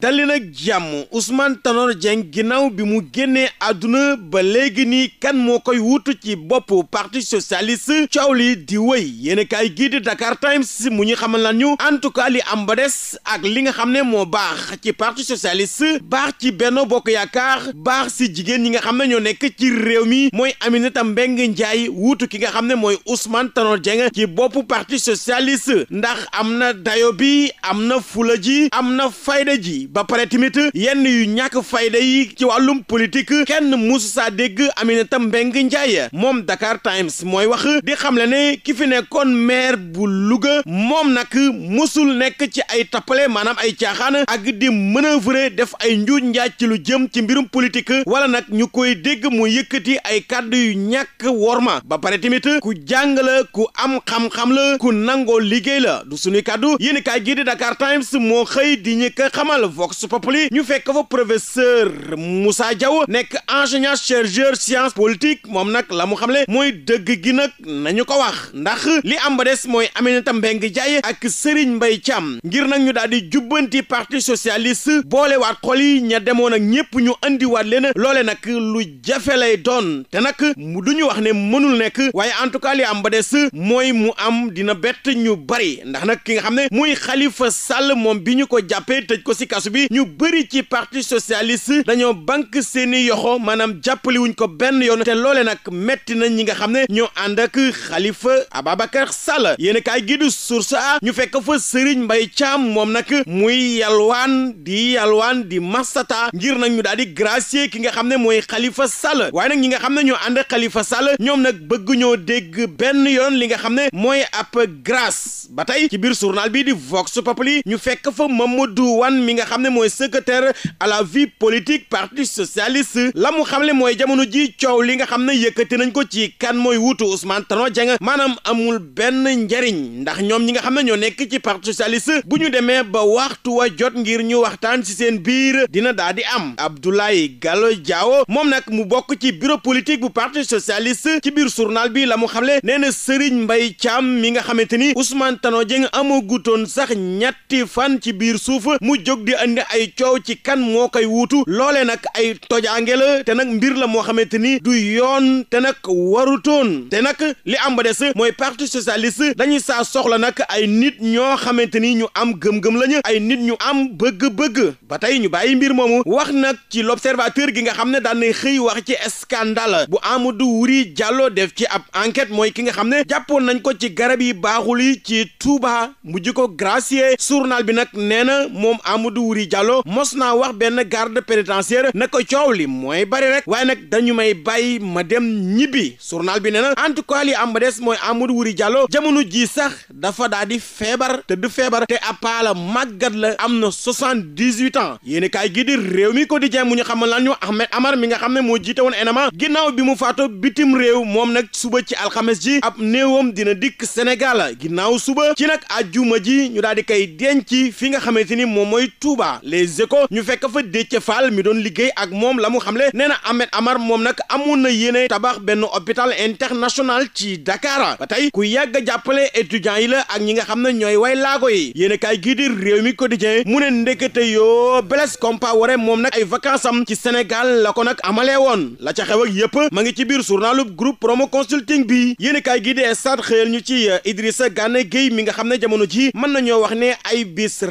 dali nag jàmm Ousmane Tanor Dieng ginnaaw bi mu génnee àdduna ba léegi nii kan moo koy wutu ci boppu parti socialiste coow li di wéy yéen kaay gii Dakar Times mu ñu xamal lan ñu en tout cas li am ba des ak li nga xam ne moo baax ci parti socialiste baax ci Benno Bokk Yaakaar baax si jigéen ñi nga xam ne ñoo nekk ci réew mi mooy Aminata Mbengue Ndiaye wuutu ki nga xam ne mooy Ousmane Tanor Dieng ci boppu parti socialiste ndax am na dayo bi am na fula ji am na fayda ji. ba pare tamit yenn yu ñàkk fayda yi ci wàllum politique kenn musu saa dégg Aminata Mbengue Ndiaye moom Dakar Times mooy wax di xamle ne ki fi nekkoon maire bu Louga moom nag musul nekk ci ay tappale maanaam ay caaxaan ak di manœuvrer def ay njuuj njaaj ci lu jëm ci mbirum politique wala nag ñu koy dégg mu yëkkati ay kàddu yu ñàkk worma ba pare tamit ku jàng la am xam-xam nangoo liggéey la du suñuy kàddu yéen gi di moo xëy di Vox Populi ñu fekk fa professeur Moussa Diaw nekk ingénieur chercheur science politique moom nag la xam xamle mooy dëgg gi nag nañu ko wax ndax li am ba des mooy Aminata Mbengue Ndiaye ak Serigne Mbaye Thiam ngir nag ñu daal di jubbanti parti socialiste boolewaat xol yi ña demoon ak ñëpp ñu andiwaat leen loole nag lu jafe lay doon te nag mu duñu wax ne mënul nekk waaye en tout cas li am ba des mooy mu am dina bett ñu bari ndax nag ki xam ne muy Khalifa Sall moom bi ñu ko jàppee tëj ko si kasu bi ñu bëri ci parti socialiste dañoo banque seeni yoxo maanaam jàppali wuñ ko benn yoon te loole nag metti nañ ñi nga xam ne ñoo ànd ak Khalifa Ababacar Sall yéen kaay gi du source a ñu fekk fa Serigne mbay Thiam moom nag muy yalwaan di yalwaan di masata ngir nag ñu daal di gracier ki nga xam ne mooy xalifa Sall waaye nag ñi nga xam ne ñoo ànd Khalifa Sall ñoom nag bëgguñoo dégg benn yoon li nga xam ne mooy ab grâce ba tey ci biir journal bi di Vox Populi xam ne mooy secrétaire à la vie politique parti socialiste la mu xam le mooy jamono ji coow li nga xam ne yëkkati nañ ko ci kan mooy wutu Ousmane Tanor Dieng maanaam amul benn njariñ ndax ñoom ñi nga xam ne ñoo nekk ci parti socialiste bu ñu demee ba waxtu wa jot ngir ñu waxtaan ci seen biir dina daal di am Abdoulaye Gallo Diawo moom nag mu bokk ci bureau politique bu parti socialiste ci biir journal bi la mu xam le nee na Serigne Mbaye Thiam mi nga xamante ni Ousmane Tanor Dieng amagutoon sax ñetti fan ci biir suuf mu jóg di indi ay coow ci kan moo koy wuutu loolee nag ay tojaange la te nag mbir la moo xamante ni du yoon te nag waru toon te nag li am ba des mooy parti socialiste dañuy saa soxla nag ay nit ñoo xamante ni ñu am gëm-gëm lañu ay nit ñu am bëgg-bëgg ba tey ñu bàyyi mbir moomu wax nag ci l'observateur gi nga xam ne daan na xëy wax ci scandale bu du Wuri jàlloo def ci ab enquête mooy ki nga xam ne jàppoon nañ ko ci garab yi baaxul yi ci tuubaa mujj ko gracier journal bi na Wuri Diallo mos naa wax benn garde pénitentiaire na ko coow li mooy bari rek waaye nag dañu may bàyyi ma dem ñibbi journal bi nee na en tout cas li am ba des mooy Amadou Wuri Diallo jamono jii sax dafa daa di feebar te du feebar te apaala màggat la am na soixante-dix-huit ans yéen kaay gi réew mi quotidien mu ñu xamal lan ñu Ahmed Amar mi nga xam ne moo jiite woon enema ginnaaw bi mu faatoo bitim réew moom nag suba ci alxames ji ab néewam dina dikk Sénégal ginnaaw suba ci nag àjjuma ji ñu daal di Touba les échos ñu fekk fa Déthié Fall mi doon liggéey ak moom la xam xamle nee na Ahmed Amar moom nag amoon na yéene tabax benn hôpital international ci Dakar ba tey ku yàgg jàppale étudiants yi la ak ñi nga xam ne ñooy way laago yi yéen a kaay gii di réew mi quotidien mu ne ndekete yoo Blaise Compaoré moom nag ay vacances am ci Sénégal la ko nag amalee woon la ca xew ak yëpp ma ngi ci biir journalub group promo consulting bi yéen a kaay gii di stade xëyal ñu ci Idrissa Gana Gueye mi nga xam ne jamono ji mën nañoo wax ne ay bis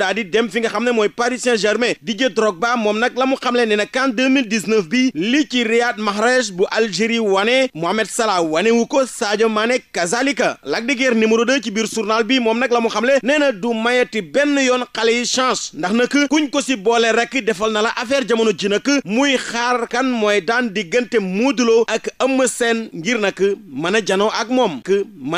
daal di dem fi nga xam ne mooy Paris Saint-Germain Didier Drogba moom nag la mu xamle ne nag CAN 2019 bi li ci Riyad Mahrez bu Algérie wane Mohamed Salah wane wu ko Sadio Mané kazalika Lac de Guiers numéro 2 ci biir journal bi moom nag la xam xamle nee na du mayati benn yoon xale yi chance ndax nag kuñ ko si boole rek defal na la affaire jamono ji nag muy xaar kan mooy daan diggante Modou Lo ak Eumeu Sène ngir nag mën a janoo ak moom.